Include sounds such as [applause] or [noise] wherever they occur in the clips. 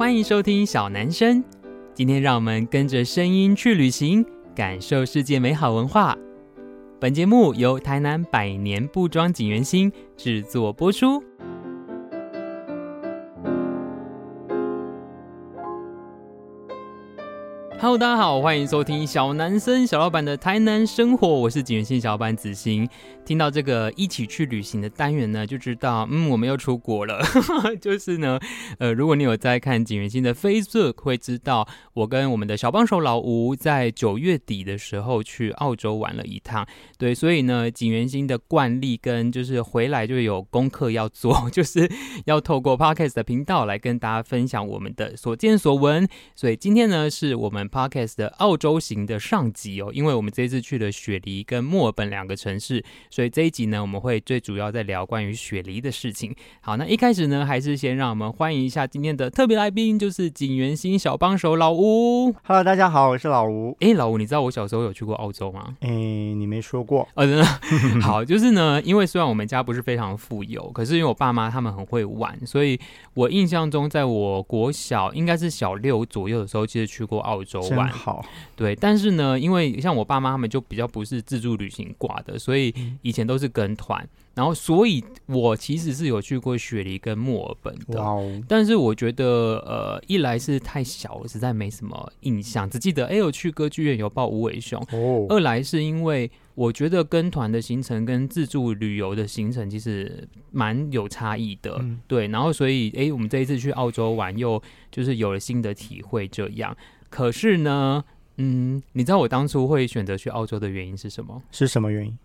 歡迎收聽小南生，今天讓我們跟着聲音去旅行，感受世界美好文化。本節目由台南百年布莊錦源興製作播出。Hello，大家好，歡迎收聽小南生，小老闆的台南生活。我是錦源興小老闆子欣。聽到這個一起去旅行的單元呢，就知道，嗯，我們又出國了。 [laughs] 就是呢，呃，如果你有在看錦源興的 Facebook，會知道我跟我們的小幫手老吳在九月底的時候去澳洲玩了一趟。對，所以呢，錦源興的慣例跟就是回來就有功課要做，就是要透過 Podcast 的頻道來跟大家分享我們的所見所聞。所以今天呢，是我們。Podcast 的澳洲行的上集哦，因為我們這一次去了雪梨跟墨爾本兩個城市，所以這一集呢，我們會最主要在聊關於雪梨的事情。好，那一開始呢，還是先讓我們歡迎一下今天的特別來賓，就是錦源興小幫手老吳。Hello，大家好，我是老吳。哎，老吳，你知道我小時候有去過澳洲嗎？哎，你沒說過啊？哦、真的？ [laughs] 好，就是呢，因為雖然我們家不是非常富有，可是因為我爸媽他們很會玩，所以我印象中，在我國小應該是小六左右的時候，其實去過澳洲。真好，對，但是呢，因為像我爸媽他們就比較不是自助旅行掛的，所以以前都是跟團，嗯、然後所以我其實是有去過雪梨跟墨爾本的，哦、但是我覺得呃，一來是太小了，實在沒什麼印象，只記得哎，我去歌劇院有抱無尾熊、哦、二來是因為我覺得跟團的行程跟自助旅遊的行程其實蠻有差異的，嗯、對，然後所以哎，我們這一次去澳洲玩又就是有了新的體會，這樣。可是呢，嗯，你知道我當初會選擇去澳洲的原因是什麼？是什麼原因？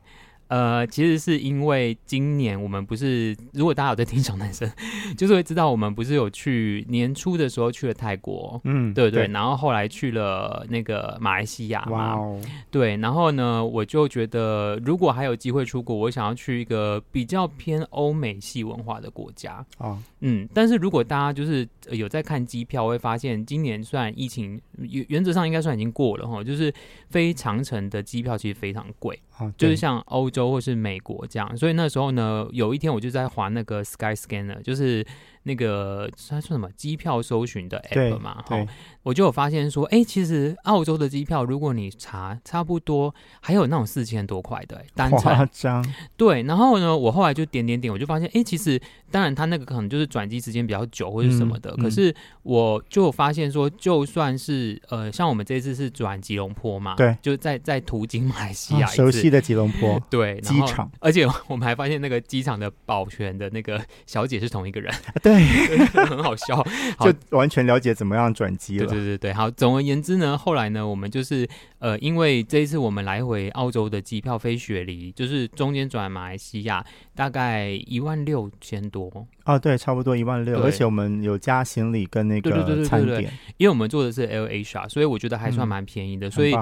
呃，其實是因為今年我們不是，如果大家有在聽小南生，就是會知道我們不是有去年初的時候去了泰國，嗯，對，對對，對，然後後來去了那個馬來西亞，哇哦，對，然後呢，我就覺得如果還有機會出國，我想要去一個比較偏歐美系文化的國家哦。Oh. 嗯，但是如果大家就是有在看機票，我會發現今年算疫情原原則上應該算已經過了哈，就是飛長程的機票其實非常貴，oh, 就是像歐洲或是美國這樣，所以那時候呢，有一天我就在滑那個 Sky Scanner，就是。那個他說什麼機票搜尋的 app 嘛，哈，我就有發現說，哎，其實澳洲的機票，如果你查，差不多還有那種四千多塊的、欸、單程，誇張 對。然後呢，我後來就點點點，我就發現，哎，其實當然他那個可能就是轉機時間比較久或者什麼的，嗯、可是我就發現說，就算是呃，像我們這次是轉吉隆坡嘛，對，就在在途經馬來西亞，嗯、熟悉的吉隆坡，對，機場，而且我們還發現那個機場的保全的那個小姐是同一個人，對。 [laughs] 很好笑，好，就完全了解怎麼樣轉機了。對對對對，好。總而言之呢，後來呢，我們就是呃，因為這一次我們來回澳洲的機票飛雪梨，就是中間轉來馬來西亞，大概一萬六千多啊、哦，對，差不多一萬六。而且我們有加行李跟那個餐點，因為我們坐的是 L H 啊，所以我覺得還算蠻便宜的。嗯、所以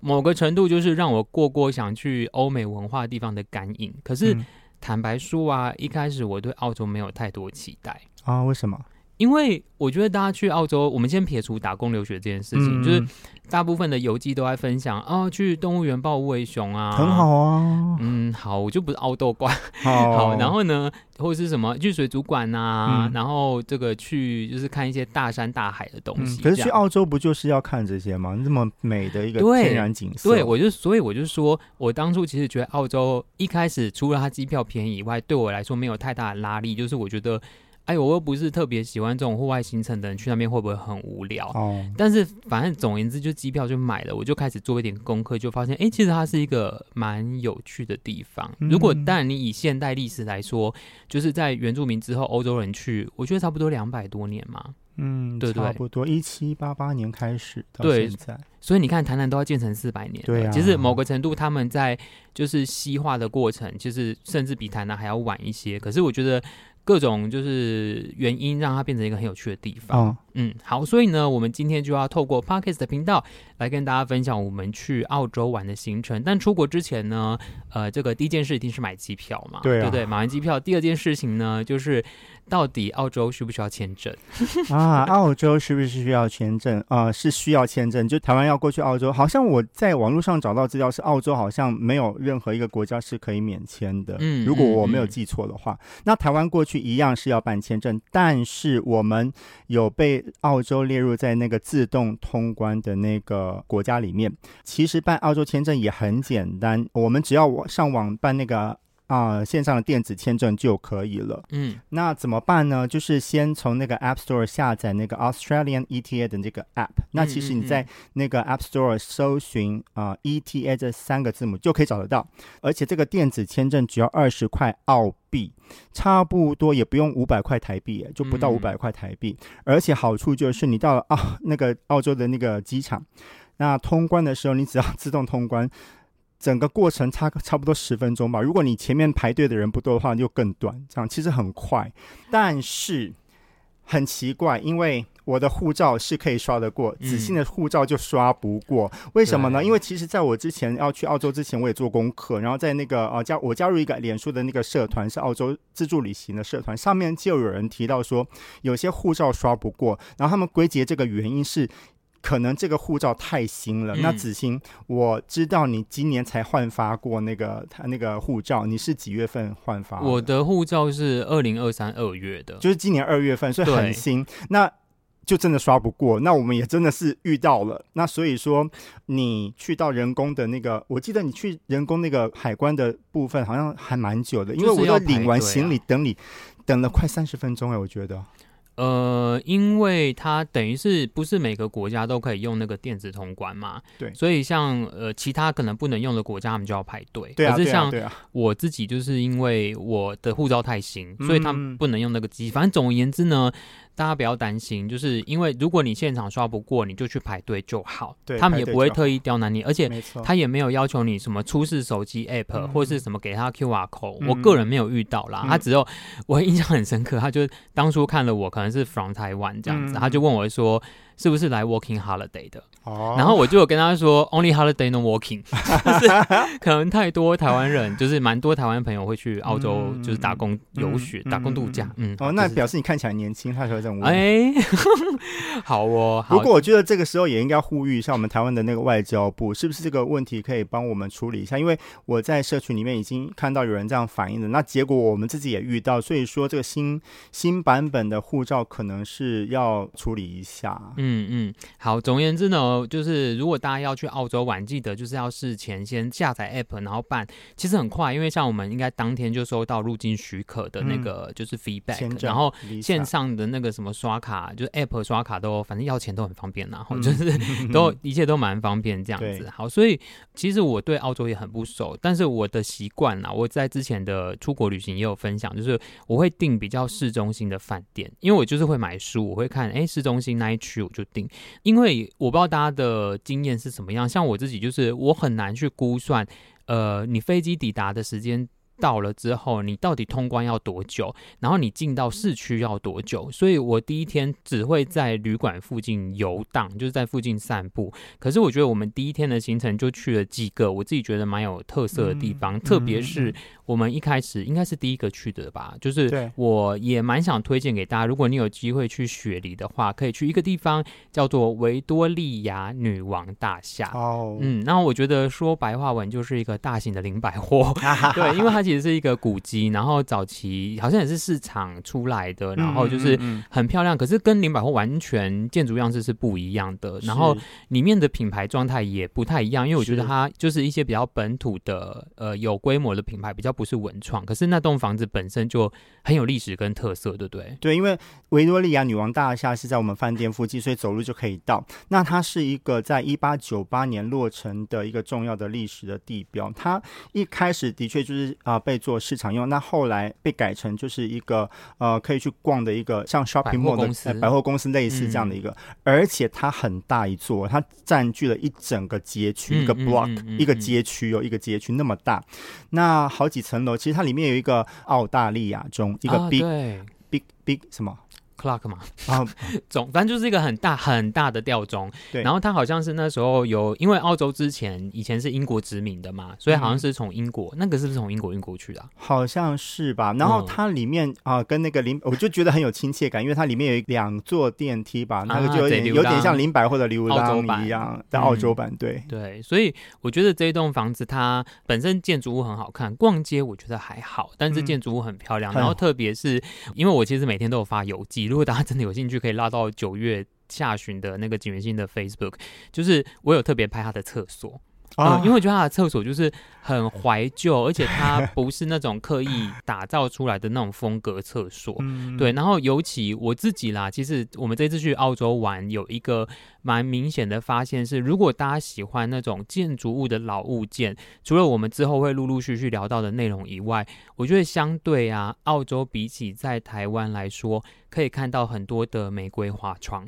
某個程度就是讓我過過想去歐美文化地方的感應。可是坦白說啊，嗯、一開始我對澳洲沒有太多期待。啊？為什麼？因為我覺得大家去澳洲，我們先撇除打工留學這件事情，嗯、就是大部分的遊記都在分享啊，去動物園抱無尾熊啊，很好啊。嗯，好，我就不是澳洲怪。好，哦、好，然後呢，或者是什麼去水族館吶、啊，嗯、然後這個去就是看一些大山大海的東西、嗯。可是去澳洲不就是要看這些嗎？那麼美的一個天然景色。對，對，我就所以我就說我當初其實覺得澳洲一開始除了它機票便宜以外，對我來說沒有太大的拉力，就是我覺得。哎，我又不是特別喜歡這種戶外行程的人，去那邊會不會很無聊？哦。但是反正總而言之，就機票就買了，我就開始做一點功課，就發現，哎、欸，其實它是一個蠻有趣的地方。嗯、如果但你以現代歷史來說，就是在原住民之後，歐洲人去，我覺得差不多兩百多年嘛。嗯，對，對，對，差不多一七八八年開始到現在。對，所以你看，台南都要建成四百年。對啊。其實某個程度，他們在就是西化的過程，其實、就是、甚至比台南還要晚一些。可是我覺得。各種就是原因，讓它變成一個很有趣的地方。哦嗯，好，所以呢，我們今天就要透過 Podcast 的頻道來跟大家分享我們去澳洲玩的行程。但出國之前呢，呃，這個第一件事一定是買機票嘛？對、啊、對，對，買完機票，第二件事情呢，就是到底澳洲需不需要簽證 [laughs] 啊？澳洲是不是需要簽證啊、呃？是需要簽證，就台灣要過去澳洲，好像我在網絡上找到資料是澳洲好像沒有任何一個國家是可以免簽的。嗯，如果我沒有記錯的話，嗯嗯，那台灣過去一樣是要辦簽證，但是我們有被澳洲列入在那個自動通關的那個國家裡面，其實辦澳洲簽證也很簡單，我們只要我上網辦那個。啊，線上的電子簽證就可以了。嗯，那怎麼辦呢？就是先從那個 App Store 下載那個 Australian ETA 的那個 App，嗯嗯嗯。那其實你在那個 App Store 搜尋啊 ETA 這三個字母就可以找得到。而且這個電子簽證只要二十塊澳幣，差不多也不用五百塊台幣，就不到五百塊台幣。嗯、而且好處就是你到了澳那個澳洲的那個機場，那通關的時候你只要自動通關。整個過程差差不多十分鐘吧。如果你前面排隊的人不多的話，就更短。這樣其實很快，但是很奇怪，因為我的護照是可以刷得過，子、嗯、信的護照就刷不過。為什麼呢？啊、因為其實在我之前要去澳洲之前，我也做功課，然後在那個呃、啊、加我加入一個臉書的那個社團，是澳洲自助旅行的社團，上面就有人提到說有些護照刷不過，然後他們歸結這個原因是。可能這個護照太新了。嗯、那子欣，我知道你今年才換發過那個他那個護照，你是幾月份換發？我的護照是二零二三二月的，就是今年二月份，所以很新。對。那就真的刷不過。那我們也真的是遇到了。那所以說，你去到人工的那個，我記得你去人工那個海關的部分，好像還蠻久的，因為我要領完行李、啊、等你，等了快三十分鐘哎，我覺得。呃，因為它等於是不是每個國家都可以用那個電子通關嘛？對，所以像呃其他可能不能用的國家，他們就要排隊。對啊，可是像我自己就是因為我的護照太新，對啊對啊對啊、所以他們不能用那個機器。嗯、反正總而言之呢。大家不要擔心，就是因為如果你現場刷不過，你就去排隊就好。對他們也不會特意刁難你，而且錯他也沒有要求你什麼出示手機 APP、嗯、或者是什麼給他 QR Code、嗯。我個人沒有遇到啦，嗯、他只有我印象很深刻，他就當初看了我可能是 from 台灣這樣子，嗯、他就問我說。是不是來 Working Holiday 的？哦，然後我就有跟他說 Only Holiday no Working，就是可能太多台灣人，就是蠻多台灣朋友會去澳洲，就是打工遊學、打工度假。嗯，哦，那表示你看起來年輕，他才會認為。哎，好哦。不過我覺得這個時候也應該呼籲一下，我們台灣的那個外交部，是不是這個問題可以幫我們處理一下？因為我在社群裡面已經看到有人這樣反映了，那結果我們自己也遇到，所以說，這個新新版本的護照可能是要處理一下。嗯嗯，好，總而言之呢，就是如果大家要去澳洲玩，記得就是要事前先下載 App，然後辦，其實很快，因為像我們應該當天就收到入境許可的那個就是 Feedback，、嗯、然後線上的那個什麼刷卡，就是 App 刷卡都反正要錢都很方便，然後、嗯、就是都 [laughs] 一切都蠻方便這樣子。對好，所以其實我對澳洲也很不熟，但是我的習慣呢，我在之前的出國旅行也有分享，就是我會訂比較市中心的飯店，因為我就是會買書，我會看哎、欸、市中心那一區。就定，因為我不知道大家的經驗是什麼樣。像我自己，就是我很難去估算，呃，你飛機抵達的時間。到了之後，你到底通關要多久？然後你進到市區要多久？所以，我第一天只會在旅館附近遊蕩，就是在附近散步。可是，我覺得我們第一天的行程就去了幾個我自己覺得蠻有特色的地方，嗯、特別是我們一開始應該是第一個去的吧。嗯、就是，我也蠻想推薦給大家，如果你有機會去雪梨的話，可以去一個地方叫做維多利亞女王大廈。哦，嗯，那我覺得說白話文就是一個大型的林百貨， [laughs] [laughs] 對，因為它。其實是一個古蹟，然後早期好像也是市場出來的，然後就是很漂亮，嗯嗯嗯、可是跟林百貨完全建築樣式是不一樣的。是然後裡面的品牌狀態也不太一樣，因為我覺得它就是一些比較本土的是呃有規模的品牌，比較不是文創。可是那棟房子本身就很有歷史跟特色，對不對？對，因為維多利亞女王大廈是在我們飯店附近，所以走路就可以到。那它是一個在一八九八年落成的一個重要的歷史的地標。它一開始的確就是、呃啊，被做市場用，那後來被改成就是一個呃，可以去逛的一個像 shopping mall 的百貨公司，呃、百貨公司類似這樣的一個，嗯、而且它很大一座，它佔據了一整個街區、嗯、一個 block、嗯嗯嗯、一個街區喲、哦，嗯嗯、一個街區那麼大，那好幾層樓，其實它裡面有一個澳大利亞中一個 big、啊、big big big 什麼。clock 嘛，總，反正就是一個很大很大的吊鐘。對，然後它好像是那時候有，因為澳洲之前以前是英國殖民的嘛，所以好像是從英國那個是不是從英國運過去的？好像是吧。然後它裡面啊，跟那個林我就覺得很有親切感，因為它裡面有兩座電梯吧，那個就有點有點像林百或者流籠一樣，在澳洲版對對。所以我覺得這一棟房子它本身建築物很好看，逛街我覺得還好，但是建築物很漂亮。然後特別是因為我其實每天都有發遊記。如果大家真的有興趣，可以拉到九月下旬的那個錦源興的 Facebook，就是我有特別拍他的廁所。啊、嗯，因為我覺得它的廁所就是很懷舊，而且它不是那種刻意打造出來的那種風格廁所。嗯、對，然後尤其我自己啦，其實我們這次去澳洲玩，有一個蠻明顯的發現是，如果大家喜歡那種建築物的老物件，除了我們之後會陸陸續續聊到的內容以外，我覺得相對啊，澳洲比起在台灣來說，可以看到很多的玫瑰花窗。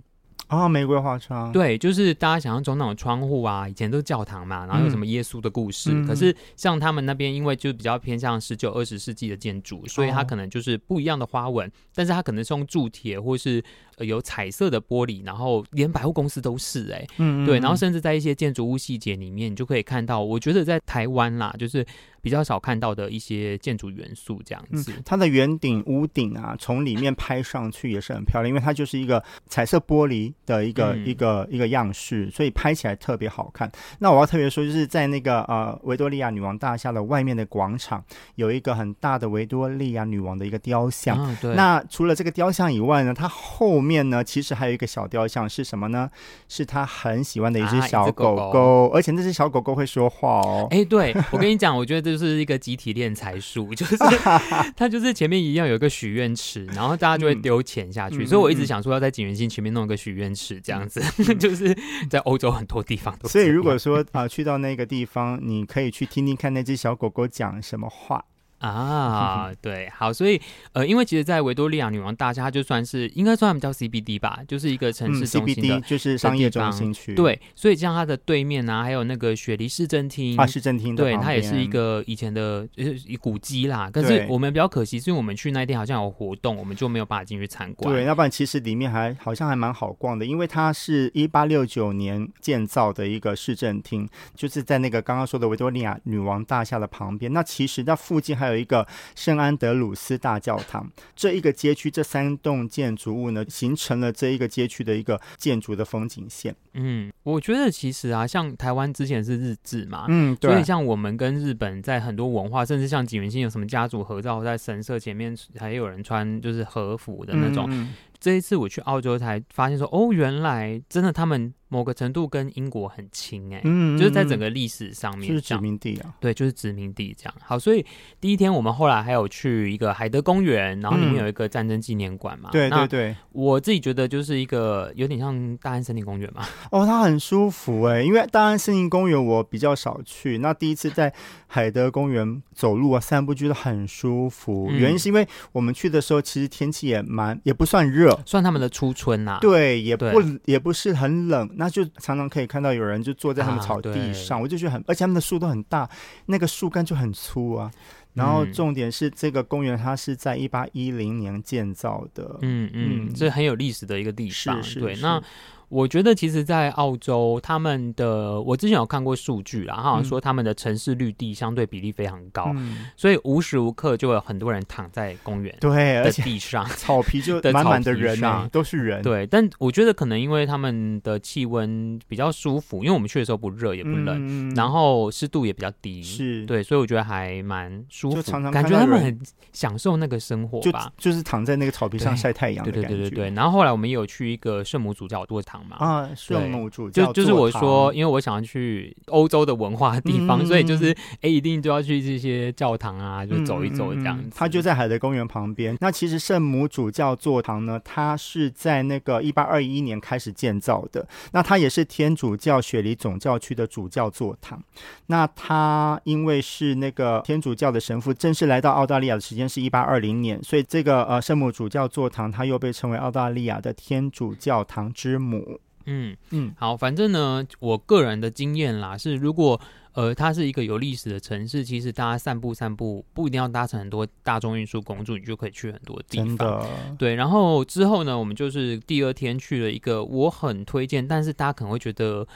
啊、哦，玫瑰花窗，對，就是大家想象中那種窗戶啊，以前都是教堂嘛，然後有什麼耶穌的故事。嗯、可是像他們那邊，因為就比較偏向十九、二十世紀的建築，嗯、所以它可能就是不一樣的花紋，哦、但是它可能是用鑄鐵或是有彩色的玻璃，然後連百貨公司都是哎、欸，嗯，對，然後甚至在一些建築物細節裡面，你就可以看到。我覺得在台灣啦，就是。比較少看到的一些建築元素這樣子，嗯、它的圓頂屋頂啊，從裡面拍上去也是很漂亮，因為它就是一個彩色玻璃的一個一個、嗯、一個樣式，所以拍起來特別好看。那我要特別說，就是在那個呃維多利亞女王大廈的外面的廣場，有一個很大的維多利亞女王的一個雕像。哦、對，那除了這個雕像以外呢，它後面呢其實還有一個小雕像，是什麼呢？是他很喜歡的一隻小狗狗，啊、狗狗，而且那隻小狗狗會說話哦。哎、欸，對，我跟你講，我覺得這。就是一個集體斂財術，就是 [laughs] 它就是前面一樣有一個許願池，然後大家就會丟錢下去。 [laughs] 嗯、所以我一直想說要在錦源興前面弄一個許願池，這樣子、嗯、 [laughs] 就是在歐洲很多地方都。所以如果說啊、呃，去到那個地方，你可以去聽聽看那只小狗狗講什麼話。啊，對，好，所以呃，因為其實，在維多利亞女王大廈，它就算是應該算我們叫 CBD 吧，就是一個城市 CBD 的，嗯、CBD，就是商業中心區。對，所以像它的對面啊，還有那個雪梨市政廳，啊、市政廳的，對，它也是一個以前的呃古蹟啦。可是我們比較可惜，是因為我們去那一天好像有活動，我們就沒有辦法進去參觀。對，要不然其實裡面還好像還蠻好逛的，因為它是一八六九年建造的一個市政廳，就是在那個剛剛說的維多利亞女王大廈的旁邊。那其實那附近還有。一個聖安德魯斯大教堂，這一個街區這三棟建築物呢，形成了這一個街區的一個建築的風景線。嗯，我覺得其實啊，像台灣之前是日治嘛，嗯，對，所以像我們跟日本在很多文化，甚至像錦源興有什麼家族合照，在神社前面還有人穿就是和服的那種。嗯嗯，這一次我去澳洲才發現說，哦，原來真的他們。某個程度跟英國很親哎、欸，嗯嗯嗯就是在整個歷史上面，就是殖民地啊，對，就是殖民地這樣。好，所以第一天我們後來還有去一個海德公園，然後裡面有一個戰爭紀念館嘛。嗯、對那對對，我自己覺得就是一個有點像大安森林公園嘛。哦，它很舒服哎、欸，因為大安森林公園我比較少去，那第一次在海德公園走路啊，散步覺得很舒服。嗯、原因是因為我們去的時候其實天氣也蠻也不算熱，算他們的初春吶、啊。對，也不對也不是很冷。那他就常常可以看到有人就坐在他們草地上，啊、我就覺得很，而且他們的樹都很大，那個樹幹就很粗啊。然後重點是這個公園它是在一八一零年建造的，嗯嗯，這、嗯、很有歷史的一個地方。對，那。我覺得其實，在澳洲，他們的我之前有看過數據啊，好像、嗯、說他們的城市綠地相對比例非常高，嗯、所以無時無刻就會有很多人躺在公園對的地上，草皮就滿滿的，人、啊、的草皮都是人。對，但我覺得可能因為他們的氣溫比較舒服，因為我們去的時候不熱也不冷，嗯、然後濕度也比較低，是，對，所以我覺得還蠻舒服，常常感覺他們很享受那個生活吧，吧？就是躺在那個草皮上曬太陽對，對對對對對。然後後來我們也有去一個聖母主教座堂。啊，聖母主教就，就是我說，因為我想要去歐洲的文化的地方，嗯、所以就是哎、欸，一定都要去這些教堂啊，就走一走這樣子。嗯嗯、它就在海德公園旁邊。那其實聖母主教座堂呢，它是在那個一八二一年開始建造的。那它也是天主教雪梨總教區的主教座堂。那它因為是那個天主教的神父正式來到澳大利亞的時間是一八二零年，所以這個呃聖母主教座堂，它又被稱為澳大利亞的天主教堂之母。嗯嗯，嗯好，反正呢，我個人的經驗啦是，如果呃它是一個有歷史的城市，其實大家散步散步不一定要搭乘很多大眾運輸工具，你就可以去很多地方。的對，然後之後呢，我們就是第二天去了一個我很推薦，但是大家可能會覺得，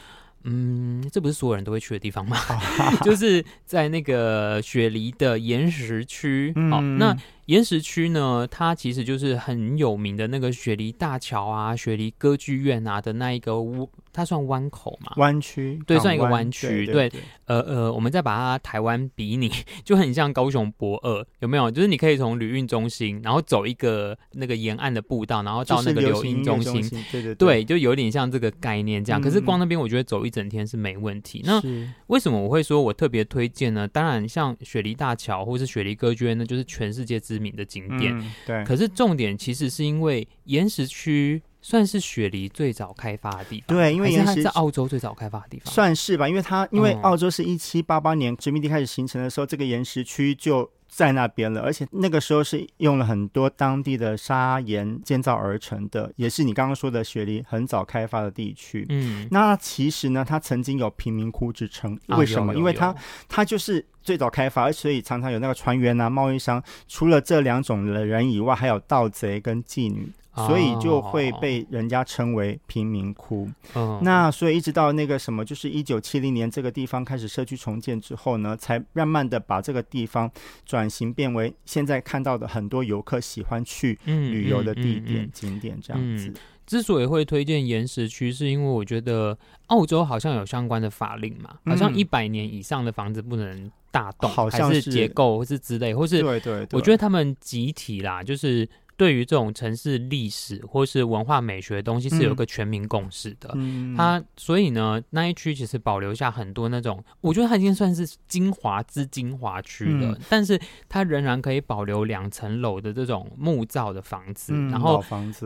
嗯，這不是所有人都會去的地方嗎？ [laughs] [laughs] 就是在那個雪梨的岩石區。嗯、好，那。岩石區呢，它其實就是很有名的那個雪梨大橋啊、雪梨歌劇院啊的那一個屋，它算灣口嘛？灣區區對，灣算一個灣區。對，對，對，對，呃呃，我們再把它台灣比擬， [laughs] 就很像高雄駁二，有沒有？就是你可以從旅運中心，然後走一個那個沿岸的步道，然後到那個流行中心。中心對對對，對，就有點像這個概念這樣。嗯、可是光那邊我覺得走一整天是沒問題。嗯、那是 為什麼我會說我特別推薦呢？當然，像雪梨大橋或是雪梨歌劇院，呢，就是全世界之名的景點，對，可是重點其實是因為岩石區算是雪梨最早開發的地方，對，因為岩石是，是澳洲最早開發的地方，算是吧，因為它因為澳洲是一七八八年殖民地開始形成的時候，嗯、這個岩石區就在那邊了，而且那個時候是用了很多當地的砂岩建造而成的，也是你剛剛說的雪梨很早開發的地區，嗯，那其實呢，它曾經有貧民窟之稱，為什麼？啊、有有有有因為它它就是。最早開發，而所以常常有那個船員啊、貿易商，除了這兩種的人以外，還有盜賊跟妓女，所以就會被人家稱為貧民窟。哦、那所以一直到那個什麼，就是一九七零年這個地方開始社區重建之後呢，才慢慢的把這個地方轉型變為現在看到的很多遊客喜歡去旅遊的地點、嗯、景點這樣子。嗯嗯嗯嗯、之所以會推薦岩石區，是因為我覺得澳洲好像有相關的法令嘛，嗯、好像一百年以上的房子不能。大洞，好像是還是結構，或是之類，或是我覺得他們集體啦，對對對，就是對於這種城市歷史或是文化美學的東西，是有個全民共識的。嗯，它所以呢，那一區其實保留下很多那種，我覺得它已經算是精華之精華區了。嗯、但是它仍然可以保留兩層樓的這種木造的房子，嗯、然後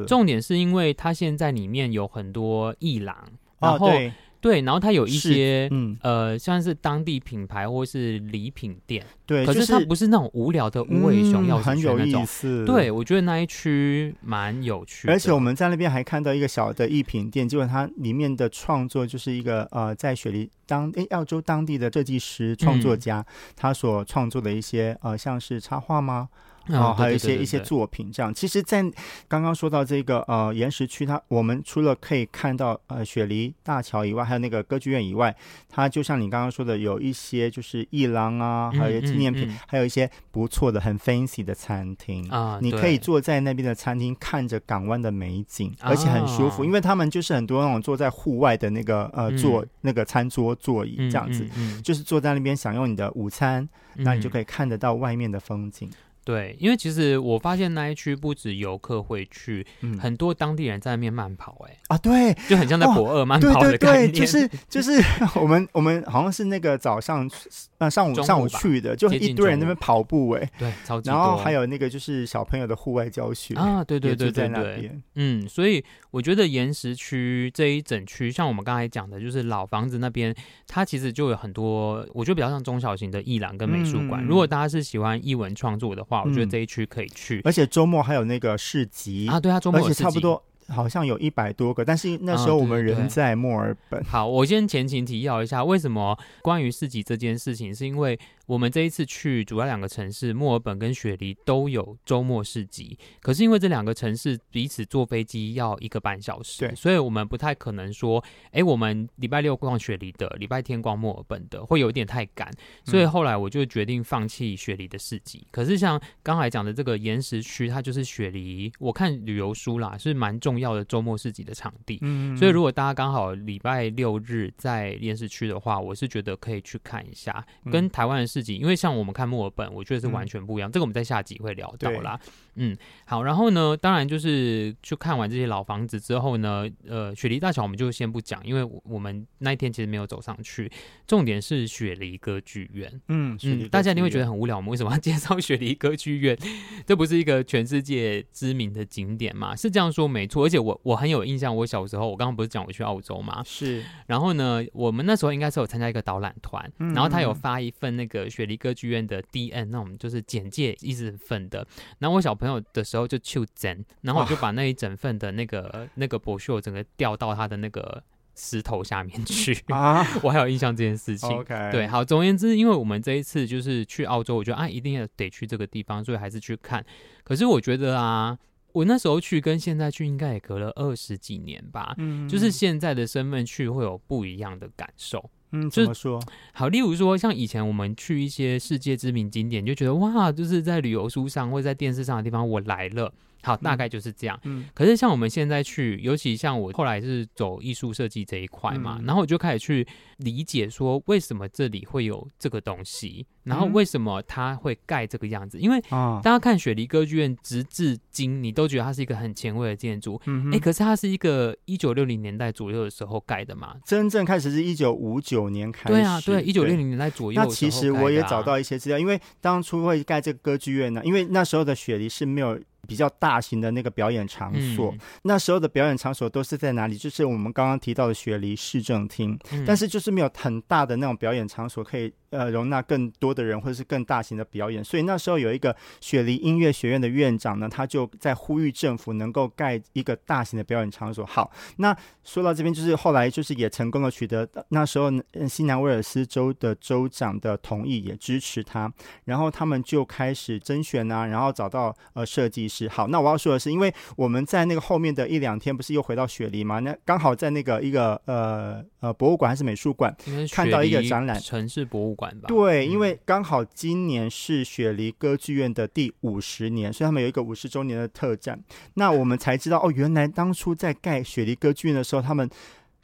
重點是因為它現在裡面有很多藝廊，然後、哦。對，然後它有一些，嗯，呃，像是當地品牌或是禮品店，對。就是、可是它不是那種無聊的無尾熊、嗯、鑰匙圈那種。對，我覺得那一區蠻有趣的，而且我們在那邊還看到一個小的藝品店，結果它裡面的創作就是一個呃，在雪梨當哎，澳洲當地的設計師、創作家，嗯、他所創作的一些呃，像是插畫嗎？哦，還有一些一些作品這樣。其實，在剛剛說到這個呃岩石區，它我們除了可以看到呃雪梨大橋以外，還有那個歌劇院以外，它就像你剛剛說的，有一些就是藝廊啊，還有一些紀念品，嗯嗯嗯、還有一些不錯的很 fancy 的餐廳啊。你可以坐在那邊的餐廳，看着港灣的美景，哦、而且很舒服，因為他們就是很多那種坐在戶外的那個呃坐、嗯、那個餐桌座椅這樣子，嗯嗯嗯、就是坐在那邊享用你的午餐，那你就可以看得到外面的風景。對，因為其實我發現那一區不止遊客會去，嗯、很多當地人在那邊慢跑哎、欸、啊，對，就很像在博二慢跑的概念。其實、就是、就是我們 [laughs] 我們好像是那個早上，呃、啊、上午，午上午去的，就一堆人那邊跑步哎、欸，對，然後還有那個就是小朋友的戶外教學啊，對對對對對，對，嗯，所以我覺得岩石區這一整區，像我們剛才講的，就是老房子那邊，它其實就有很多，我覺得比較像中小型的藝廊跟美術館。嗯、如果大家是喜歡藝文創作的話。我覺得這一區可以去，嗯，而且周末還有那個市集啊，對啊，周末而且差不多好像有一百多個，但是那時候我們人在墨爾本。嗯，好，我先前情提要一下，為什麼關於市集這件事情，是因為。我們這一次去主要兩個城市，墨爾本跟雪梨都有周末市集，可是因為這兩個城市彼此坐飛機要一個半小時，對所以我們不太可能說，哎，我們禮拜六逛雪梨的，禮拜天逛墨爾本的，會有一點太趕，所以後來我就決定放棄雪梨的市集。嗯、可是像剛才講的這個岩石區，它就是雪梨，我看旅遊書啦，是蠻重要的周末市集的場地，嗯，嗯，嗯，所以如果大家剛好禮拜六日在岩石區的話，我是覺得可以去看一下，跟台灣的市集。因為像我們看墨爾本，我覺得是完全不一樣。嗯、這個我們在下集會聊到啦。對嗯，好，然後呢，當然就是去看完這些老房子之後呢，呃，雪梨大橋我們就先不講，因為我們那一天其實沒有走上去。重點是雪梨歌劇院，嗯嗯，大家一定會覺得很無聊嗎？我們為什麼要介紹雪梨歌劇院？ [laughs] 這不是一個全世界知名的景點嘛？是這樣說沒錯。而且我我很有印象，我小時候我剛剛不是講我去澳洲嘛，是。然後呢，我們那時候應該是有參加一個導覽團，然後他有發一份那個雪梨歌劇院的 DM，、嗯嗯、那我們就是簡介一直粉的。然後我小朋友的時候就去撿，然後我就把那一整份的那個哇那個博秀整個掉到他的那個石頭下面去啊！ [laughs] 我還有印象這件事情。Okay 對，好，總而言之，因為我們這一次就是去澳洲，我覺得啊，一定要得去這個地方，所以還是去看。可是我覺得啊，我那時候去跟現在去應該也隔了二十幾年吧，嗯，就是現在的身份去會有不一樣的感受。嗯，怎麼說就？好，例如說，像以前我們去一些世界知名景點，就覺得哇，就是在旅遊書上或在電視上的地方，我來了。好，大概就是這樣。嗯。嗯，可是像我們現在去，尤其像我後來是走藝術設計這一塊嘛，嗯、然後我就開始去理解說，為什麼這裡會有這個東西，然後為什麼它會蓋這個樣子？嗯、因為大家看雪梨歌劇院，直至今你都覺得它是一個很前衛的建築。嗯哼。哎、欸，可是它是一個一九六零年代左右的時候蓋的嘛？真正開始是一九五九年開始，對啊，對，一九六零年代左右的時候蓋的啊。那其實我也找到一些資料，因為當初會蓋這個歌劇院呢，因為那時候的雪梨是沒有。比較大型的那個表演場所，嗯、那時候的表演場所都是在哪裡？就是我們剛剛提到的雪梨市政廳，嗯、但是就是沒有很大的那種表演場所可以呃容納更多的人或者是更大型的表演。所以那時候有一個雪梨音樂學院的院長呢，他就在呼籲政府能夠蓋一個大型的表演場所。好，那說到這邊就是後來就是也成功的取得那時候新南威爾斯州的州長的同意，也支持他，然後他們就開始甄選啊，然後找到呃設計。好，那我要說的是，因為我們在那個後面的一兩天，不是又回到雪梨嘛？那剛好在那個一個呃呃博物館還是美術館看到一個展覽，城市博物館吧？對，因為剛好今年是雪梨歌劇院的第五十年，嗯，所以他們有一個五十周年的特展。那我們才知道哦，原來當初在蓋雪梨歌劇院的時候，他們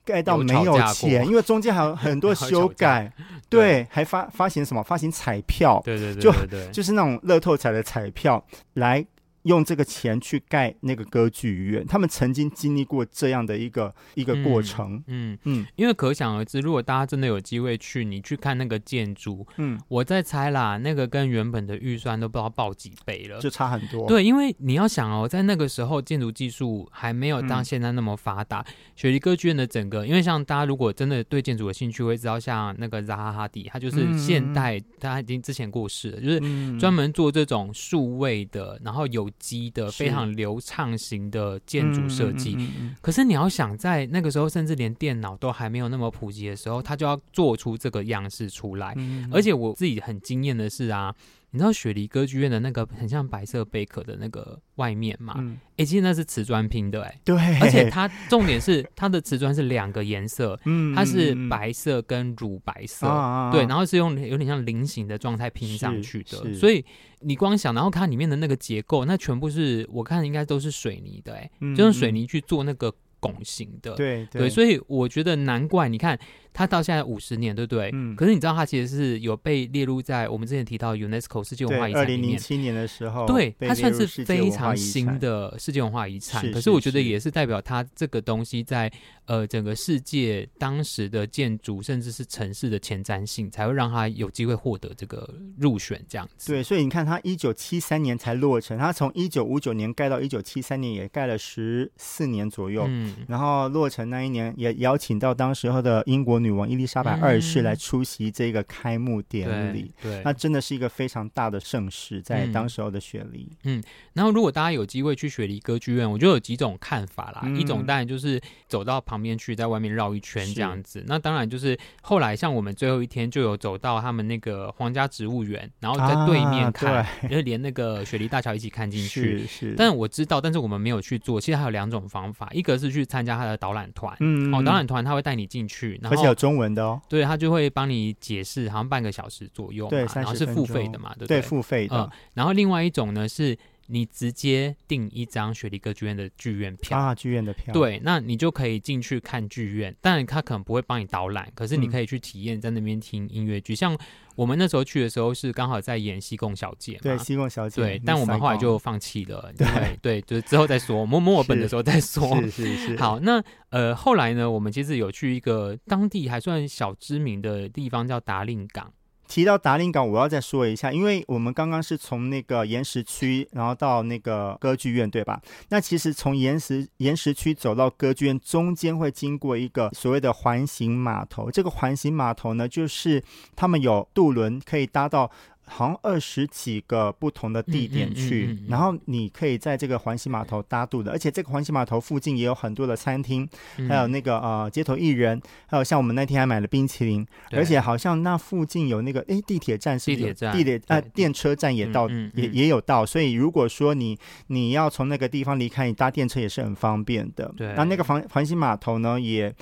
蓋到沒有錢，有因為中間還有很多修改，對，對還發發行什麼發行彩票？對對對，對就，就是那種樂透彩的彩票來。用這個錢去蓋那個歌劇院，他們曾經經歷過這樣的一個一個過程。嗯嗯，嗯嗯，因為可想而知，如果大家真的有機會去，你去看那個建築，嗯，我在猜啦，那個跟原本的預算都不知道爆幾倍了，就差很多。對，因為你要想哦，在那個時候建築技術還沒有像現在那麼發達。嗯、雪梨歌劇院的整個，因為像大家如果真的對建築有興趣，會知道像那個扎哈哈蒂，他就是現代，嗯嗯，他已經之前過世了，就是專門做這種數位的，嗯、然後有機的非常流暢型的建築設計，可是你要想，在那個時候，甚至連電腦都還沒有那麼普及的時候，他就要做出這個樣式出來。而且我自己很驚豔的是啊。你知道雪梨歌劇院的那個很像白色貝殼的那個外面嗎？哎、嗯，欸，其實那是瓷磚拼的，欸，哎，對，而且它重點是它的瓷磚是兩個顏色， [laughs] 嗯嗯嗯嗯，它是白色跟乳白色，啊啊啊對，然後是用有點像菱形的狀態拼上去的，所以你光想，然後它裡面的那個結構，那全部是我看應該都是水泥的，欸，哎，嗯，就用水泥去做那個拱形的，對對，對，對，所以我覺得難怪你看。他到現在五十年，對不對？嗯。可是你知道，他其實是有被列入在我們之前提到 UNESCO 世、世界文化遺產。二零零七年的時候，對，他算是非常新的世界文化遺產。是是是，可是我覺得也是代表他這個東西在呃，整個世界當時的建築甚至是城市的前瞻性，才會讓他有機會獲得這個入選這樣子。對，所以你看，他一九七三年才落成，他從一九五九年蓋到一九七三年也蓋了十四年左右。嗯。然後落成那一年，也邀請到當時候的英國女。女王伊麗莎白二世、嗯、來出席這個開幕典禮，對對，那真的是一個非常大的盛事，在當時候的雪梨嗯。嗯，然後如果大家有機會去雪梨歌劇院，我就有幾種看法啦。嗯、一種當然就是走到旁邊去，在外面繞一圈這樣子。是那當然就是後來像我們最後一天就有走到他們那個皇家植物園，然後在對面看，啊、就是連那個雪梨大橋一起看進去。是，是但是我知道，但是我們沒有去做。其實還有兩種方法，一個是去參加他的導覽團，嗯、哦，導覽團他會帶你進去，然後。有中文的哦，對他就會幫你解釋，好像半個小時左右嘛，然後是付費的嘛，對，不對，對，付費的、呃。然後另外一種呢，是你直接訂一張雪梨歌劇院的劇院票，啊、劇院的票，對，那你就可以進去看劇院，但他可能不會幫你導覽，可是你可以去體驗在那邊聽音樂劇，嗯、像。我們那時候去的時候是剛好在演西貢小姐嘛，對《西貢小姐》，對，《西貢小姐》，對，但我們後來就放棄了，對，對，就是、之後再說，摸摸我們墨爾本的時候再說，是是。是是是。好，那呃後來呢，我們其實有去一個當地還算小知名的地方，叫達令港。提到達令港，我要再說一下，因為我們剛剛是從那個岩石區，然後到那個歌劇院，對吧？那其實從岩石岩石區走到歌劇院中間會經過一個所謂的環形碼頭。這個環形碼頭呢，就是他們有渡輪可以搭到。好像二十幾個不同的地點去，嗯嗯嗯嗯、然後你可以在這個環形碼頭搭渡的，對而且這個環形碼頭附近也有很多的餐廳，嗯、還有那個呃街頭藝人，還有像我們那天還買了冰淇淋，對而且好像那附近有那個哎地鐵站是，是地，鐵站地鐵，啊、呃，電車站也到、嗯、也也有到，所以如果說你你要從那個地方離開，你搭電車也是很方便的。對，那那個環環形碼頭呢也。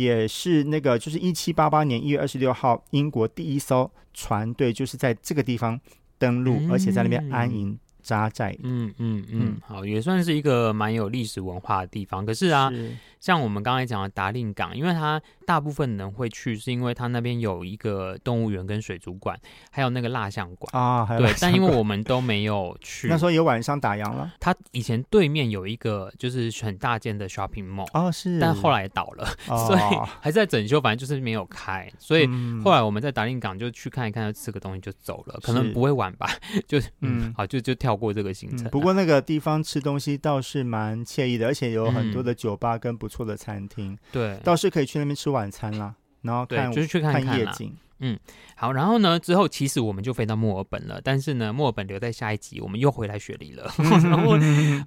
也是那個，就是一七八八年一月二十六號，英國第一艘船隊就是在這個地方登陸，而且在那邊安營。嗯扎寨、嗯，嗯嗯嗯，好，也算是一個蠻有歷史文化的地方。可是啊，是像我們剛才講的達令港，因為它大部分人會去，是因為它那邊有一個動物園跟水族館，還有那個蠟像館啊。哦、還有對，但因為我們都沒有去， [laughs] 那時候有晚上打烊了。它以前對面有一個就是很大間的 shopping mall、哦、是，但後來倒了，哦、所以還在整修，反正就是沒有開。所以後來我們在達令港就去看一看，就吃個東西就走了，可能不會晚吧。是 [laughs] 就嗯，嗯好，就就跳。過這個行程，啊嗯，不過那個地方吃東西倒是蠻愜意的，而且有很多的酒吧跟不錯的餐廳，對，嗯，倒是可以去那邊吃晚餐啦。然後對，就是去看看，看夜景。嗯，好，然後呢，之後其實我們就飛到墨爾本了，但是呢，墨爾本留在下一集，我們又回來雪梨了。 [laughs] 然後，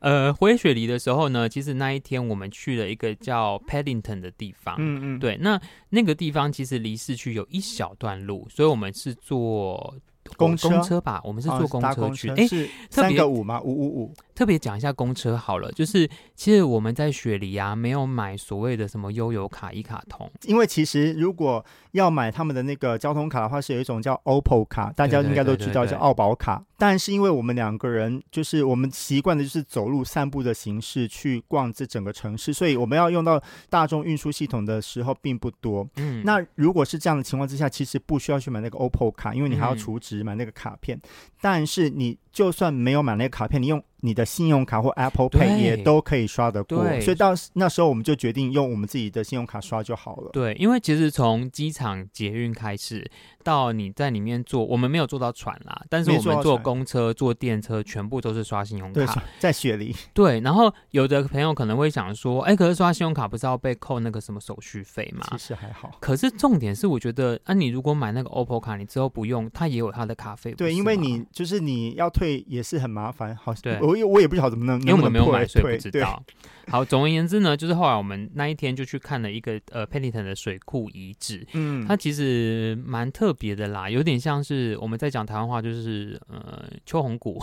呃，回雪梨的時候呢，其實那一天我們去了一個叫 Paddington 的地方。嗯嗯，對，那那個地方其實離市區有一小段路，所以我們是坐。公公車吧，車我們是坐公車去的，哎，誒，三個五嗎？五五五。特別講一下公車好了，就是其實我們在雪梨啊沒有買所謂的什麼悠遊卡一卡通，因為其實如果要買他們的那個交通卡的話，是有一種叫 OPPO 卡，大家應該都知道對對對對對，叫澳寶卡。但是因為我們兩個人就是我們習慣的就是走路散步的形式去逛這整個城市，所以我們要用到大眾運輸系統的時候並不多。嗯，那如果是這樣的情況之下，其實不需要去買那個 OPPO 卡，因為你還要儲值買那個卡片，嗯、但是你。就算沒有買那個卡片，你用你的信用卡或 Apple Pay 也都可以刷得過。對，對，所以到那時候我們就決定用我們自己的信用卡刷就好了。對，因為其實從機場捷運開始到你在裡面坐，我們沒有坐到船啦，但是我們坐公車、坐，坐電車，全部都是刷信用卡。在雪梨，對。然後有的朋友可能會想說：“哎，可是刷信用卡不是要被扣那個什麼手續費嗎？”其實還好。可是重點是，我覺得啊，你如果買那個 Opal 卡，你之後不用，它也有它的卡費。對，因為你就是你要退。對，也是很麻煩。好，對，因為我我也不知道怎麼弄，因為我們沒有買，所以不知道。對好，總而言之呢，就是後來我們那一天就去看了一個呃，Paddington 的水庫遺址。嗯，它其實蠻特別的啦，有點像是我們在講台灣話，就是呃，秋紅谷，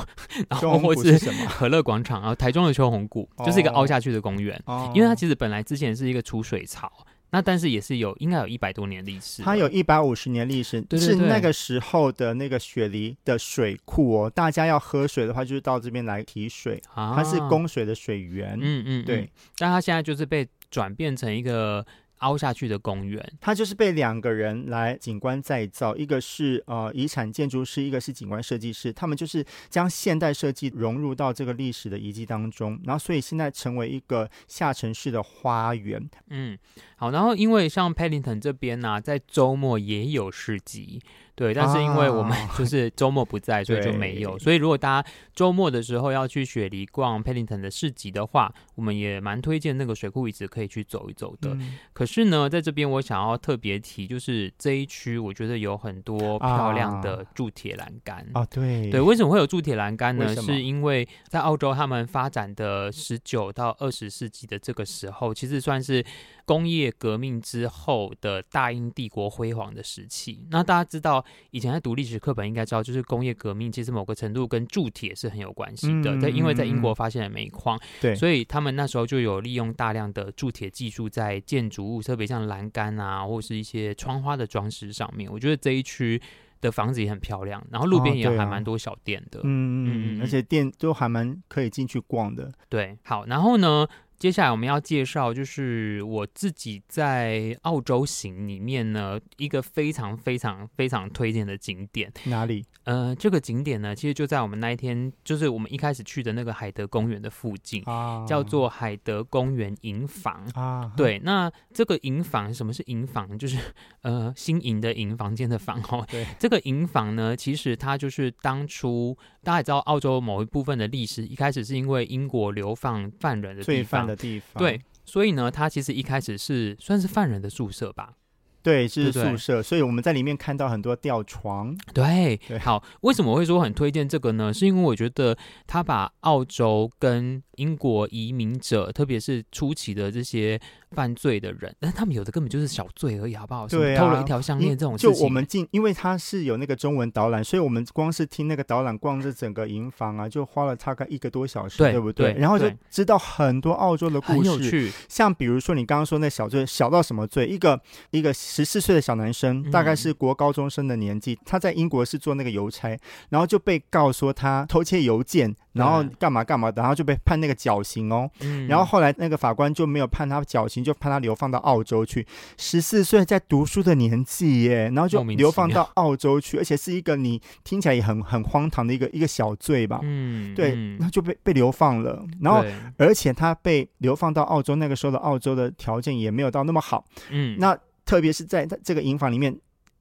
然後或是什麼河樂廣場，然後台中的秋紅谷就是一個凹下去的公園，哦哦、因為它其實本來之前是一個儲水槽。那但是也是有，應該有一百多年歷史。它有一百五十年歷史，是那個時候的那個雪梨的水庫哦。大家要喝水的話，就是到這邊來提水，啊、它是供水的水源。嗯，嗯嗯，對。但它現在就是被轉變成一個。凹下去的公園，它就是被兩個人來景觀再造，一個是呃遺產建築師，一個是景觀設計師，他們就是將現代設計融入到這個歷史的遺跡當中，然後所以現在成為一個下沉式的花園。嗯，好，然後因為像 Paddington 這邊呢、啊，在周末也有市集。對，但是因為我們就是周末不在，啊、所以就沒有。對對對，所以如果大家周末的時候要去雪梨逛 Paddington 的市集的話，我們也蠻推薦那個水庫遺址可以去走一走的。嗯、可是呢，在這邊我想要特別提，就是這一區我覺得有很多漂亮的鑄鐵欄杆哦，對、啊、對，為什麼會有鑄鐵欄杆呢？是因為在澳洲他們發展的十九到二十世紀的這個時候，其實算是。工業革命之後的大英帝國輝煌的時期，那大家知道，以前在讀歷史課本應該知道，就是工業革命其實某個程度跟鑄鐵是很有關係的。嗯、因為在英國發現了煤礦，對，所以他們那時候就有利用大量的鑄鐵技術在建築物，特別像欄杆啊，或是一些窗花的裝飾上面。我覺得這一區的房子也很漂亮，然後路邊也還蠻多小店的，嗯嗯、啊啊、嗯，嗯而且店都還蠻可以進去逛的。對，好，然後呢？接下來我們要介紹，就是我自己在澳洲行裡面呢，一個非常非常非常推薦的景點。哪裡？呃，這個景點呢，其實就在我們那一天，就是我們一開始去的那個海德公園的附近啊、叫做海德公園營房啊。對，那這個營房，什麼是營房？就是呃，新營的營房間的房哦，喔。對，這個營房呢，其實它就是當初大家也知道，澳洲某一部分的歷史，一開始是因為英國流放犯人的地方。的地方。對，所以呢，他其實一開始是算是犯人的宿舍吧。對，是宿舍，對對，所以我們在裡面看到很多吊床。對，對好，為什麼會說很推薦這個呢？是因為我覺得他把澳洲跟英國移民者，特別是初期的這些犯罪的人，但他們有的根本就是小罪而已，好不好？對、啊，偷了一條項鏈這種事情。就我們進，因為他是有那個中文導覽，所以我們光是聽那個導覽，逛這整個營房啊，就花了大概一個多小時，對，對不對？對，然後就知道很多澳洲的故事，像比如說你剛剛說那小罪，小到什麼罪？一個一個。十四歲的小男生，大概是國高中生的年紀。嗯、他在英國是做那個郵差，然後就被告說他偷竊郵件，然後幹嘛幹嘛，然後就被判那個絞刑哦。嗯、然後後來那個法官就沒有判他絞刑，就判他流放到澳洲去。十四歲在讀書的年紀耶，然後就流放到澳洲去，而且是一個你聽起來也很很荒唐的一個一個小罪吧？嗯，對，那就被被流放了。然後而且他被流放到澳洲，那個時候的澳洲的條件也沒有到那麼好。嗯，那。特別是在他這個營房裡面，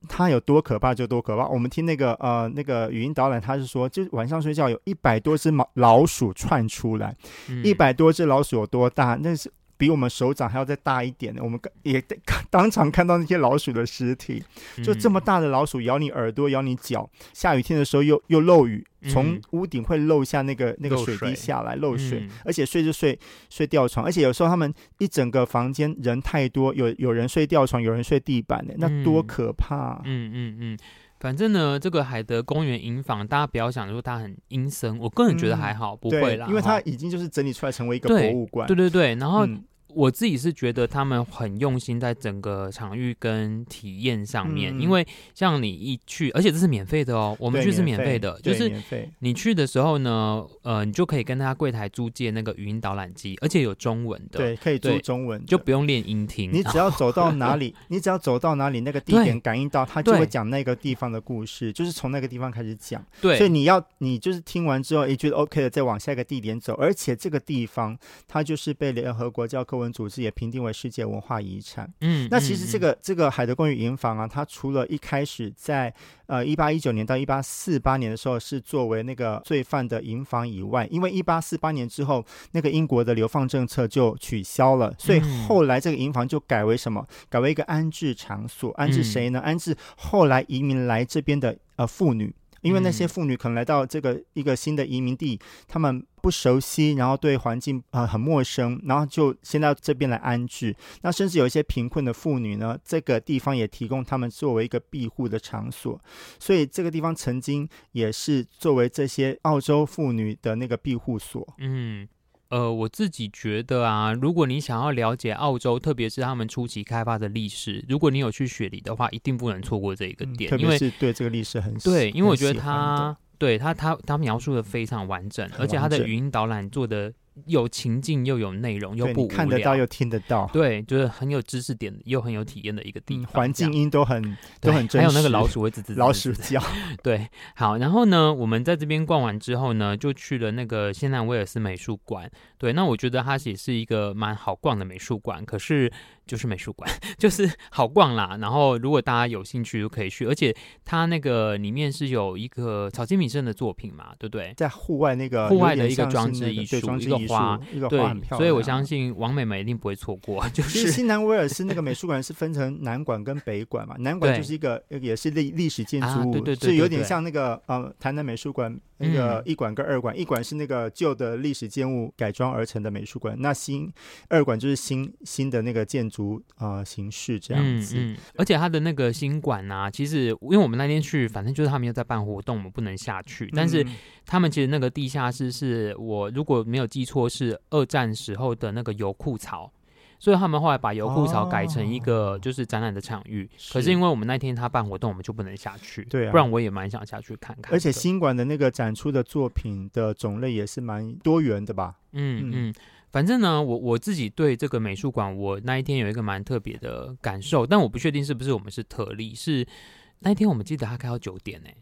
它，有多可怕就多可怕。我們聽那個呃那個語音導覽，他是說，就晚上睡覺有一百多隻貓老鼠竄出來，嗯、一百多隻老鼠有多大？那是。比我們手掌還要再大一點的，我們也當場看到那些老鼠的屍體。就這麼大的老鼠咬你耳朵，咬你腳。下雨天的時候又又漏雨，從屋頂會漏下那個那個水滴下來，漏水。漏水嗯、而且睡就睡睡吊床，而且有時候他們一整個房間人太多，有有人睡吊床，有人睡地板的，欸，那多可怕，啊嗯！嗯嗯嗯。反正呢，這個海德公園營房，大家不要想說它很陰森，我個人覺得還好，嗯、不會啦，因為它已經就是整理出來成為一個博物館，對，對對對，然後。嗯我自己是覺得他們很用心，在整個場域跟體驗上面，嗯、因為像你一去，而且這是免費的哦，我們去是免費的，就是免費。你去的時候呢，呃，你就可以跟他櫃檯租借那個語音導覽機，而且有中文的，對，可以租中文，就不用練音聽。你只要走到哪裡，你只要走到哪裡，那個地點感應到，他就會講那個地方的故事，對就是從那個地方開始講。對，所以你要你就是聽完之後，你覺得 OK 的，再往下一個地點走。而且這個地方它就是被聯合國教科文組織也評定為世界文化遺產。嗯，那其實這個、嗯、這個海德公園營房啊，它除了一開始在呃一八一九年到一八四八年的時候是作為那個罪犯的營房以外，因為一八四八年之後那個英國的流放政策就取消了，所以後來這個營房就改為什麼？嗯、改為一個安置場所，安置誰呢？安置後來移民來這邊的呃婦女。因為那些婦女可能來到這個一個新的移民地，他、嗯、們不熟悉，然後對環境呃很陌生，然後就先到這邊來安置。那甚至有一些貧困的婦女呢，這個地方也提供他們作為一個庇護的場所，所以這個地方曾經也是作為這些澳洲婦女的那個庇護所。嗯。呃，我自己覺得啊，如果你想要了解澳洲，特別是他們初期開發的歷史，如果你有去雪梨的話，一定不能錯過這一個點，嗯，因為特別是對這個歷史很對，因為我覺得他對他他他，他描述的非常完整，完整，而且他的語音導覽做的。有情境又有內容，又不你看得到又聽得到，對，就是很有知識點又很有體驗的一個地方，環境音都很都很，還有那個老鼠，會吱吱老鼠叫，對，好，然後呢，我們在這邊逛完之後呢，就去了那個新南威爾斯美術館，對，那我覺得它也是一個蠻好逛的美術館，可是。就是美術館，就是好逛啦。然後，如果大家有興趣，就可以去。而且，它那個裡面是有一個草間彌生的作品嘛，對不對？在戶外那個戶外的一個裝置藝術，那個、裝置一個花，對一個花對對很漂亮。所以我相信王美美一定不會錯過。就是新南威爾士那個美術館是分成南館跟北館嘛， [laughs] 對南館就是一個,一個也是歷歷史建築物，是有點像那個呃台南美術館。那個一館跟二館，嗯、一館是那個舊的歷史建物改裝而成的美術館，那新二館就是新新的那個建築啊、呃、形式這樣子、嗯嗯。而且它的那個新館啊，其實因為我們那天去，反正就是他們要在辦活動，我們不能下去。但是他們其實那個地下室是，我如果沒有記錯，是二戰時候的那個油庫槽。所以他們後來把油庫槽改成一個就是展覽的場域，哦、是，可是因為我們那天他辦活動，我們就不能下去，對啊、不然我也蠻想下去看看。而且新館的那個展出的作品的種類也是蠻多元的吧？嗯嗯，嗯反正呢，我我自己對這個美術館，我那一天有一個蠻特別的感受，但我不確定是不是我們是特例，是那一天我們記得他開到九點呢、欸。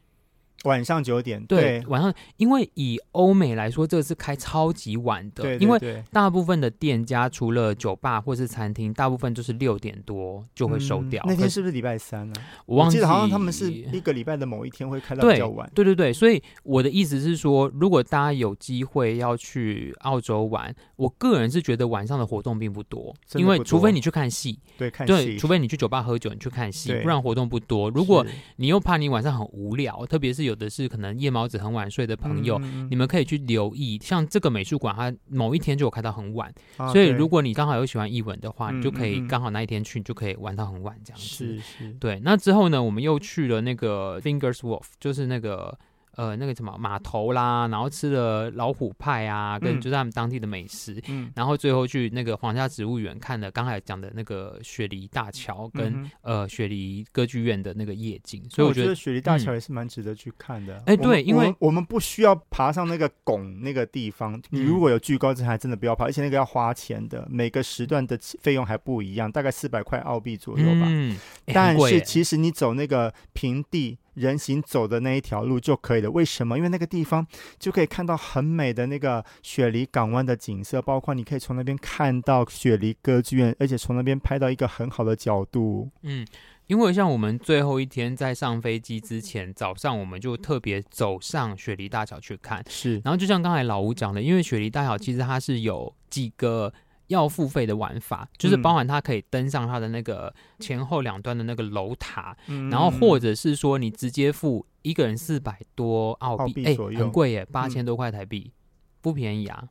晚上九點，對晚上，因為以歐美來說，這個是開超級晚的。對，因為大部分的店家除了酒吧或是餐廳，大部分就是六點多就會收掉。那天是不是禮拜三呢？我忘記了。好像他們是一個禮拜的某一天會開到比較晚。對對對，所以我的意思是說，如果大家有機會要去澳洲玩，我個人是覺得晚上的活動並不多，因為除非你去看戲，對，看戲，對，除非你去酒吧喝酒，你去看戲，不然活動不多。如果你又怕你晚上很無聊，特別是。有的是可能夜貓子很晚睡的朋友，嗯、你們可以去留意。嗯、像這個美術館，它某一天就有開到很晚，啊、所以如果你剛好有喜歡藝文的話，嗯、你就可以剛好那一天去，嗯、你就可以玩到很晚這樣子。是是，對。那之後呢，我們又去了那個 Fingers Wolf，就是那個。呃，那個什麼碼頭啦，然後吃了老虎派啊，跟就是他們當地的美食。嗯，然後最後去那個皇家植物園看了，剛才講的那個雪梨大橋跟、嗯、哼呃雪梨歌劇院的那個夜景，所以,所以我覺得雪梨大橋也是蠻值得去看的。哎、嗯，對，因為我們不需要爬上那個拱那個地方，你如果有懼高症，還真的不要爬，嗯、而且那個要花錢的，每個時段的費用還不一樣，大概四百塊澳幣左右吧。嗯，欸、但是、欸、其實你走那個平地。人行走的那一條路就可以了，為什麼？因為那個地方就可以看到很美的那個雪梨港灣的景色，包括你可以從那邊看到雪梨歌劇院，而且從那邊拍到一個很好的角度。嗯，因為像我們最後一天在上飛機之前，早上我們就特別走上雪梨大橋去看。是。然後就像剛才老吳講的，因為雪梨大橋其實它是有幾個。要付費的玩法，就是包含他可以登上他的那個前後兩端的那個樓塔，嗯、然後或者是說你直接付一個人四百多澳幣，誒、欸，很貴耶！欸，八千多塊台幣，嗯、不便宜啊。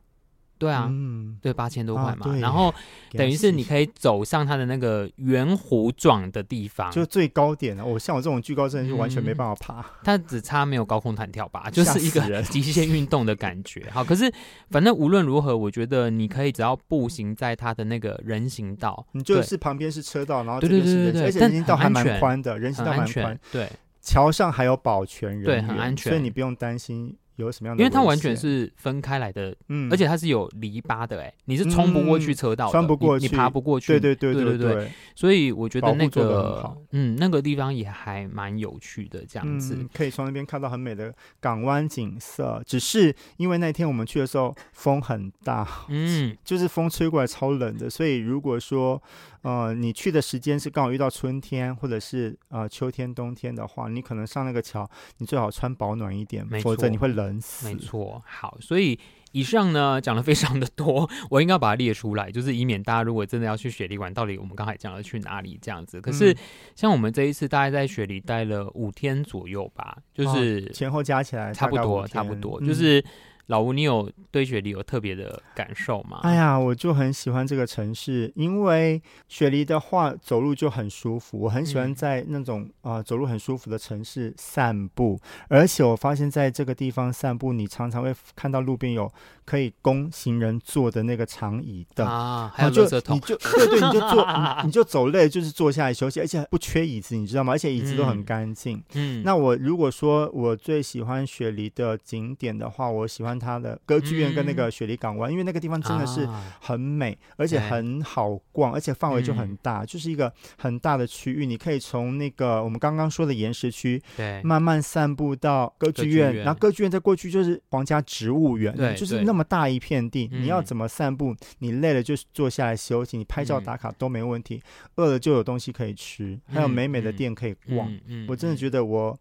對啊，嗯，對，八千多塊嘛，然後等於是你可以走上它的那個圓弧狀的地方，就最高點了。我像我這種懼高症，就完全沒辦法爬，它只差沒有高空彈跳吧，就是一個極限運動的感覺。好，可是反正無論如何，我覺得你可以只要步行在它的那個人行道，你就是旁邊是車道，然後對對對對，而且人行道還蠻寬的，人行道蠻寬，對，橋上還有保全人，對，很安全，所以你不用擔心。有什麼樣的？因為它完全是分開來的，嗯，而且它是有籬笆的，欸，哎，你是衝不過去車道，嗯，穿不過去你，你爬不過去，對對對對對，所以我覺得那個，嗯，那個地方也還蠻有趣的，這樣子，嗯，可以從那邊看到很美的港灣景色，只是因為那天我們去的時候風很大，嗯，就是風吹過來超冷的，所以如果說。呃，你去的時間是剛好遇到春天，或者是呃秋天、冬天的話，你可能上那個橋，你最好穿保暖一點，沒錯，否則你會冷死。沒錯，好，所以以上呢講的非常的多，我應該要把它列出來，就是以免大家如果真的要去雪梨玩，到底我們剛才講了去哪裡這樣子。可是、嗯、像我們這一次大概在雪梨待了五天左右吧，就是、哦、前後加起來差不多，差不多就是。嗯老吳，你有對雪梨有特別的感受嗎？哎呀，我就很喜歡這個城市，因為雪梨的話走路就很舒服。我很喜歡在那種啊、嗯呃、走路很舒服的城市散步，而且我發現在這個地方散步，你常常會看到路邊有可以供行人坐的那個長椅凳。啊，就還有就，你就對對，你就坐， [laughs] 你，你就走累就是坐下來休息，而且不缺椅子，你知道嗎？而且椅子都很乾淨。嗯，嗯那我如果說我最喜歡雪梨的景點的話，我喜歡。他的歌劇院跟那個雪梨港灣，因為那個地方真的是很美，而且很好逛，而且範圍就很大，就是一個很大的區域。你可以從那個我們剛剛說的岩石區，對，慢慢散步到歌劇院，然後歌劇院再過去就是皇家植物園，對，就是那麼大一片地。你要怎麼散步？你累了就坐下來休息，你拍照打卡都沒問題。餓了就有東西可以吃，還有美美的店可以逛。我真的覺得我。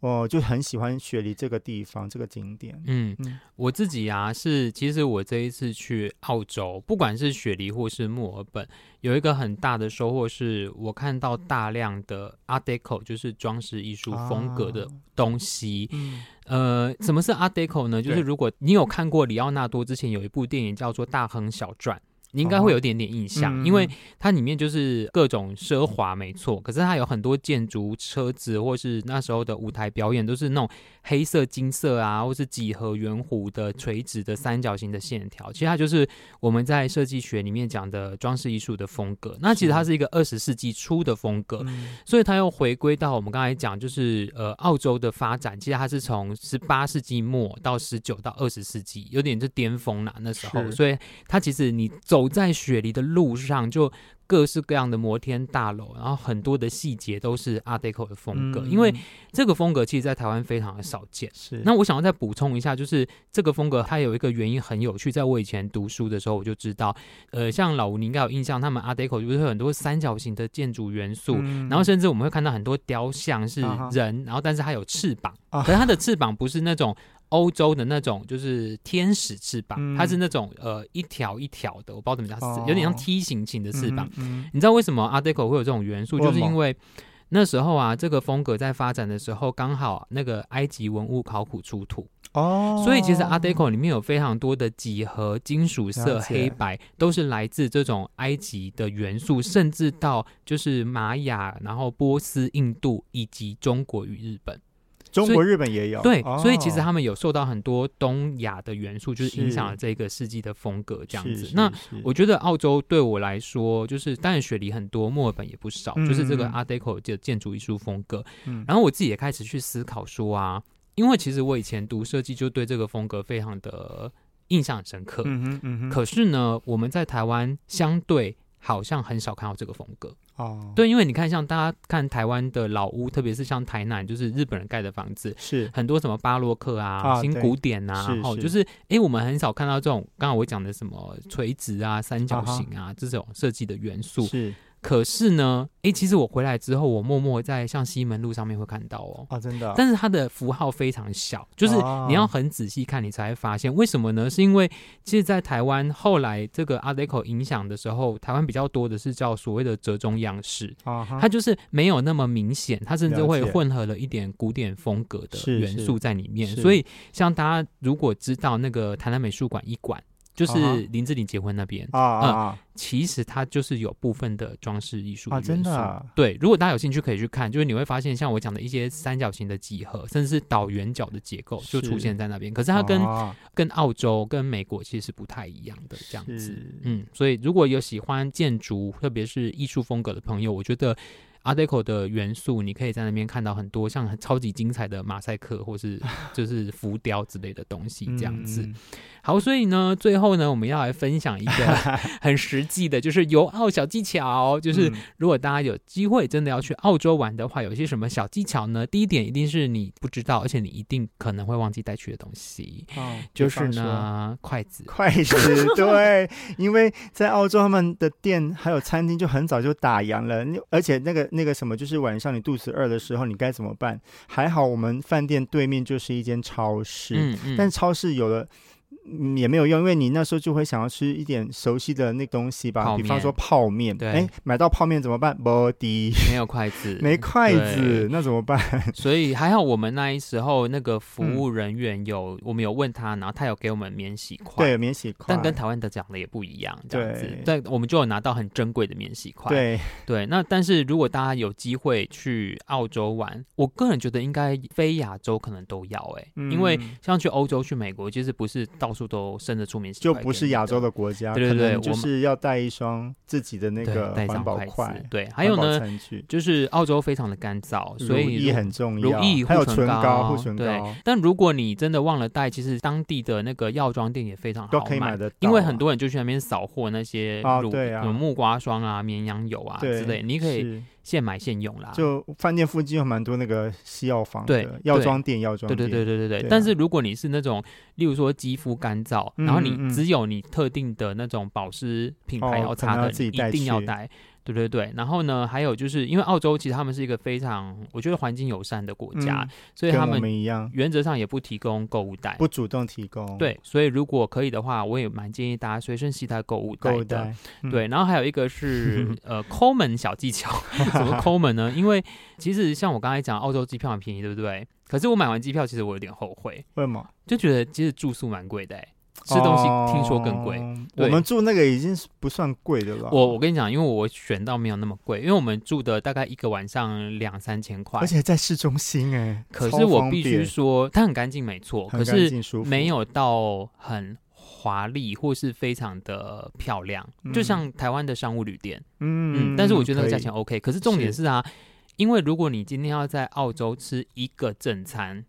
哦，就很喜歡雪梨這個地方，這個景點。嗯，我自己啊是，其實我這一次去澳洲，不管是雪梨或是墨爾本，有一個很大的收穫，是我看到大量的 Art Deco，就是裝飾藝術風格的東西。嗯、啊，呃，什麼是 Art Deco 呢？就是如果你有看過李奧納多之前有一部電影叫做《大亨小傳》。你應該會有點點印象，哦、嗯嗯因為它裡面就是各種奢華，沒錯。可是它有很多建築、車子，或是那時候的舞台表演，都是那種黑色、金色啊，或是幾何圓弧的、垂直的、三角形的線條。其實它就是我們在設計學裡面講的裝飾藝術的風格。那其實它是一個二十世紀初的風格，是所以它又回歸到我們剛才講，就是呃，澳洲的發展。其實它是從十八世紀末到十九到二十世紀，有點是巔峰了、啊、那時候。是所以它其實你。走在雪梨的路上，就各式各樣的摩天大樓，然後很多的細節都是 Art Deco 的風格，嗯、因為這個風格其實在台灣非常的少見。是，那我想要再補充一下，就是這個風格它有一個原因很有趣，在我以前讀書的時候我就知道，呃，像老吳你應該有印象，他們 Art Deco 就是很多三角形的建築元素，嗯、然後甚至我們會看到很多雕像是人，啊、哈然後但是它有翅膀，啊、哈可是它的翅膀不是那種。歐洲的那種就是天使翅膀，嗯、它是那種呃一條一條的，我不知道怎麼講，哦、有點像梯形形的翅膀。嗯嗯、你知道為什麼 Art Deco 會有這種元素？們就是因為那時候啊，這個風格在發展的時候，剛好、啊、那個埃及文物考古出土，哦，所以其實 Art Deco 裡面有非常多的幾何、金屬色、解黑白，都是來自這種埃及的元素，甚至到就是瑪雅，然後波斯、印度以及中國與日本。中國、日本也有對，哦、所以其實他們有受到很多東亞的元素，就是影響了這個世紀的風格這樣子。那我覺得澳洲對我來說，就是當然雪梨很多，墨爾本也不少，就是這個 Art Deco 的建築藝術風格。嗯、然後我自己也開始去思考說啊，因為其實我以前讀設計就對這個風格非常的印象深刻。嗯嗯嗯、可是呢，我們在台灣相對好像很少看到這個風格。哦，oh. 對，因為你看，像大家看台灣的老屋，特別是像台南，就是日本人蓋的房子，是很多什麼巴洛克啊、oh, 新古典啊，對然後就是，是是誒，我們很少看到這種，剛剛我講的什麼垂直啊、三角形啊、uh huh. 這種設計的元素是。可是呢，哎、欸，其實我回來之後，我默默在像西門路上面會看到哦、喔，啊，真的、啊。但是它的符號非常小，就是你要很仔細看，你才會發現、啊、為什麼呢？是因為其實，在台灣後來這個 Art Deco 影響的時候，台灣比較多的是叫所謂的折中樣式，啊、哈它就是沒有那麼明顯，它甚至會混合了一點古典風格的元素在裡面。是是所以，像大家如果知道那個台南美術館一館。就是林志玲結婚那邊啊啊，其實它就是有部分的裝飾藝術元素。真的，uh huh. 對，如果大家有興趣可以去看，就是你會發現像我講的一些三角形的幾何，甚至是倒圓角的結構，就出現在那邊。是可是它跟、uh huh. 跟澳洲、跟美國其實不太一樣的這樣子。Uh huh. 嗯，所以如果有喜歡建築，特別是藝術風格的朋友，我覺得。Art Deco 的元素，你可以在那邊看到很多像超級精彩的馬賽克，或是就是浮雕之類的東西，這樣子。好，所以呢，最後呢，我們要來分享一個很實際的，就是遊澳小技巧。就是如果大家有機會真的要去澳洲玩的話，有些什麼小技巧呢？第一點一定是你不知道，而且你一定可能會忘記帶去的東西，哦，就是呢，筷子、 [laughs] 嗯。嗯嗯嗯、筷子，對，因為在澳洲他們的店還有餐廳就很早就打烊了，而且那個。那個什麼，就是晚上你肚子餓的時候，你該怎麼辦？還好我們飯店對面就是一間超市，嗯嗯、但是超市有了。也沒有用，因為你那時候就會想要吃一點熟悉的那東西吧，麵比方說泡麵。對，哎、欸，買到泡麵怎麼辦？Body 沒有筷子，沒筷子，那怎麼辦？所以還好我們那一時候那個服務人員有，嗯、我們有問他，然後他有給我們免洗筷，對，免洗筷，但跟台灣的講的也不一樣，這樣子，但對我們就有拿到很珍貴的免洗筷。對，對，那但是如果大家有機會去澳洲玩，我個人覺得應該非亞洲可能都要哎、欸，嗯、因為像去歐洲、去美國，其實不是到。都出名，就不是亞洲的國家，對對對，就是要帶一雙自己的那個環保筷子，對，還有呢，就是澳洲非常的乾燥，所以乳液很重要，乳液、護唇膏、護唇膏。對，但如果你真的忘了帶，其實當地的那個藥妝店也非常好，都可以買得到，因為很多人就去那邊掃貨那些乳，什麼木瓜霜啊、綿羊油啊之類，你可以。現買現用啦，就飯店附近有蠻多那個西藥房，對藥妝店，店、藥妝店，對對對對。但是如果你是那種，例如說肌膚乾燥，嗯嗯嗯。然後你只有你特定的那種保濕品牌要擦的，哦自己你一定要帶。對對對，然後呢，還有就是因為澳洲其實他們是一個非常我覺得環境友善的國家，嗯、所以他們原則上也不提供購物袋，不主動提供。對，所以如果可以的話，我也蠻建議大家隨身攜帶購、購物袋。購、嗯、對。然後還有一個是、嗯、呃摳門 [laughs] 小技巧，怎麼摳門呢？因為其實像我剛才講，澳洲機票很便宜，對不對？可是我買完機票，其實我有點後悔。為什麼？就覺得其實住宿蠻貴的欸。吃東西聽說更貴，我們住那個已經不算貴的了。我我跟你講，因為我選到沒有那麼貴，因為我們住的大概一個晚上兩三千塊，而且在市中心哎。可是我必須說，它很乾淨，沒錯。很乾淨舒服。可是沒有到很華麗或是非常的漂亮，就像台灣的商務旅店。嗯嗯。但是我覺得那個價錢 OK，可是重點是啊。因為如果你今天要在澳洲吃一個正餐，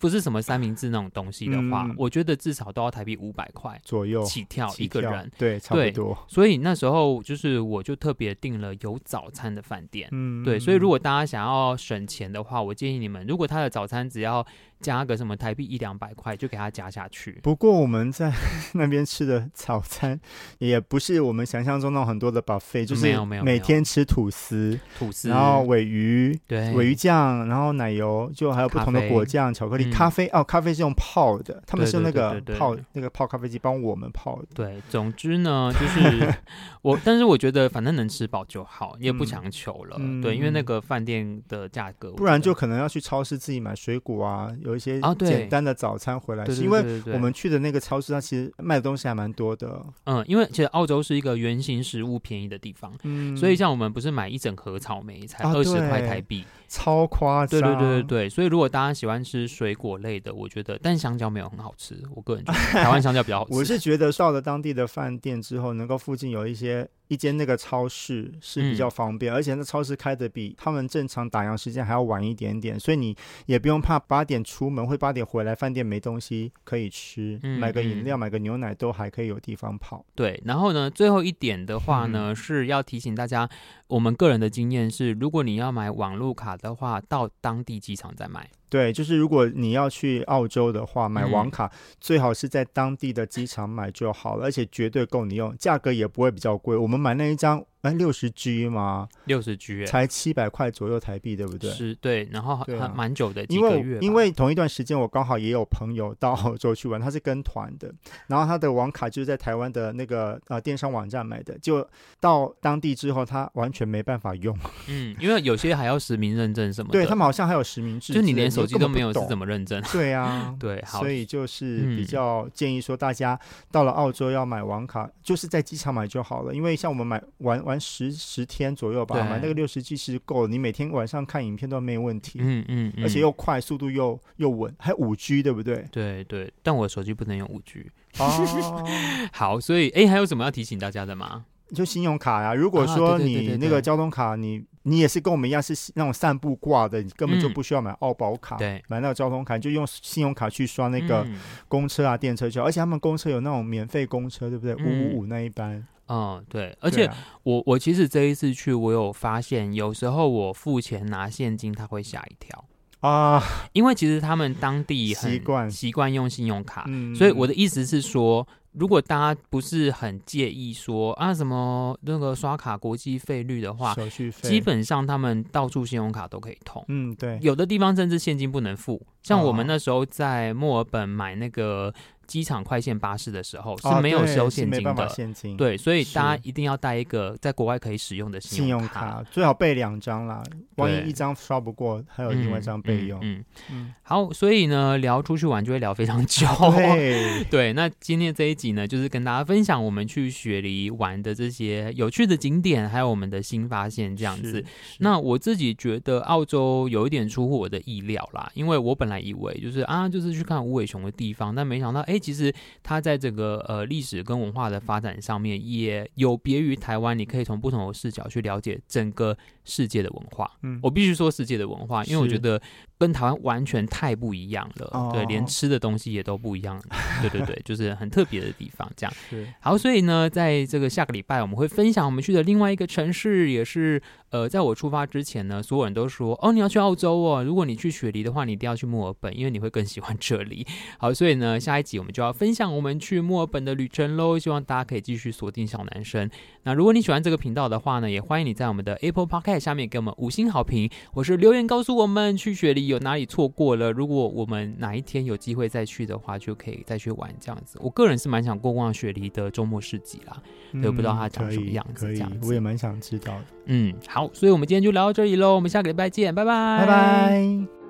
不是什麼三明治那種東西的話， [laughs] 嗯、我覺得至少都要台幣五百塊左右起跳一個人，對，對差不多。所以那時候就是我就特別訂了有早餐的飯店，嗯、對。所以如果大家想要省錢的話，我建議你們，如果他的早餐只要。加個什麼台幣一兩百塊就給他加下去。不過我們在那邊吃的早餐也不是我們想象中那種很多的 buffet，就是每天吃吐司、吐司、然後鮪魚、鮪魚醬，然後奶油，就還有不同的果醬、巧克力、咖啡。哦，咖啡是用泡的，他們是那個泡那個泡咖啡機幫我們泡的。對，總之呢，就是我，但是我覺得反正能吃飽就好，也不強求了。對，因為那個飯店的價格，不然就可能要去超市自己買水果啊。有一些啊，對，簡單的早餐回來，是、啊、因為我們去的那個超市，它其實賣的東西還蠻多的。嗯，因為其實澳洲是一個原型食物便宜的地方，嗯，所以像我們不是買一整盒草莓才二十塊台幣，啊，超誇張。對對對對，對，所以如果大家喜歡吃水果類的，我覺得，但香蕉沒有很好吃，我個人覺得台灣香蕉比較好吃。 [laughs] 我是覺得到了當地的飯店之後，能夠附近有一些。一間那個超市是比較方便，嗯、而且那超市開得比他們正常打烊時間還要晚一點點，所以你也不用怕八點出門會八點回來，飯店沒東西可以吃，嗯嗯、買個飲料、買個牛奶都還可以有地方跑。對，然後呢，最後一點的話呢，嗯、是要提醒大家，我們個人的經驗是，如果你要買網路卡的話，到當地機場再買。對，就是如果你要去澳洲的話，買網卡、嗯、最好是在當地的機場買就好了，而且絕對夠你用，價格也不會比較貴。我們買那一張。哎，六十 G 嗎？六十 G 才七百塊左右台幣，對不對？是，對。然後還蠻久的，幾個月。因為因為同一段時間，我剛好也有朋友到澳洲去玩，他是跟團的，然後他的網卡就是在台灣的那個呃電商網站買的，就到當地之後，他完全沒辦法用。嗯，因為有些還要實名認證什麼的。 [laughs] 對他們好像還有實名制，就你連手機都沒，都沒有是怎麼認證、啊？對啊， [laughs] 對，好，所以就是比較建議說，大家到了澳洲要買網卡，嗯、就是在機場買就好了，因為像我們買網。玩玩十十天左右吧，對買那個六十 G 是夠了，你每天晚上看影片都沒問題。嗯嗯，嗯嗯而且又快速度又又穩，還五 G 對不對？對對，但我手機不能用五 G。啊、 [laughs] 好，所以哎，還有什麼要提醒大家的嗎？就信用卡呀。如果說你那個交通卡，你你也是跟我們一樣是那種散步掛的，你根本就不需要買澳寶卡，嗯、買那個交通卡就用信用卡去刷那個公車啊、嗯、電車去，而且他們公車有那種免費公車，對不對？五五五那一班。嗯，對，而且我、啊、我其實這一次去，我有發現，有時候我付錢拿現金，他會嚇一跳啊，因為其實他們當地很習慣用信用卡，嗯、所以我的意思是說，如果大家不是很介意說啊什麼那個刷卡國際費率的話，手續費，基本上他們到處信用卡都可以通，嗯，對，有的地方甚至現金不能付，像我們那時候在墨爾本買那個。機場快線巴士的時候是沒有收現金的，哦、對，是沒辦法現金，對，所以大家一定要帶一個在國外可以使用的信用卡，是最好備兩張啦，對萬一一張刷不過，還有另外一張備用。嗯，嗯，嗯，嗯好，所以呢，聊出去玩就會聊非常久，對 [laughs] 對。那今天這一集呢，就是跟大家分享我們去雪梨玩的這些有趣的景點，還有我們的新發現這樣子。那我自己覺得澳洲有一點出乎我的意料啦，因為我本來以為就是啊，就是去看無尾熊的地方，但沒想到哎。其實它在這個呃歷史跟文化的發展上面，也有別於台灣。你可以從不同的視角去了解整個。世界的文化，嗯，我必須說世界的文化，因為我覺得跟台灣完全太不一樣了，是對，連吃的東西也都不一樣，哦、對對對，就是很特別的地方， [laughs] 這樣是好，所以呢，在這個下個禮拜我們會分享我們去的另外一個城市，也是呃，在我出發之前呢，所有人都說哦，你要去澳洲哦，如果你去雪梨的話，你一定要去墨爾本，因為你會更喜歡這裡。好，所以呢，下一集我們就要分享我們去墨爾本的旅程嘍，希望大家可以繼續鎖定小南生。那如果你喜歡這個頻道的話呢，也歡迎你在我們的 Apple Podcast。在下面給我們五星好評，或是留言告訴我們去雪梨有哪裡錯過了。如果我們哪一天有機會再去的話，就可以再去玩這樣子。我個人是蠻想逛逛雪梨的周末市集啦，又、嗯、不知道它長什麼樣子，可以可以這樣我也蠻想知道的。嗯，好，所以我們今天就聊到這裡嘍，我們下個禮拜見，拜拜，拜拜。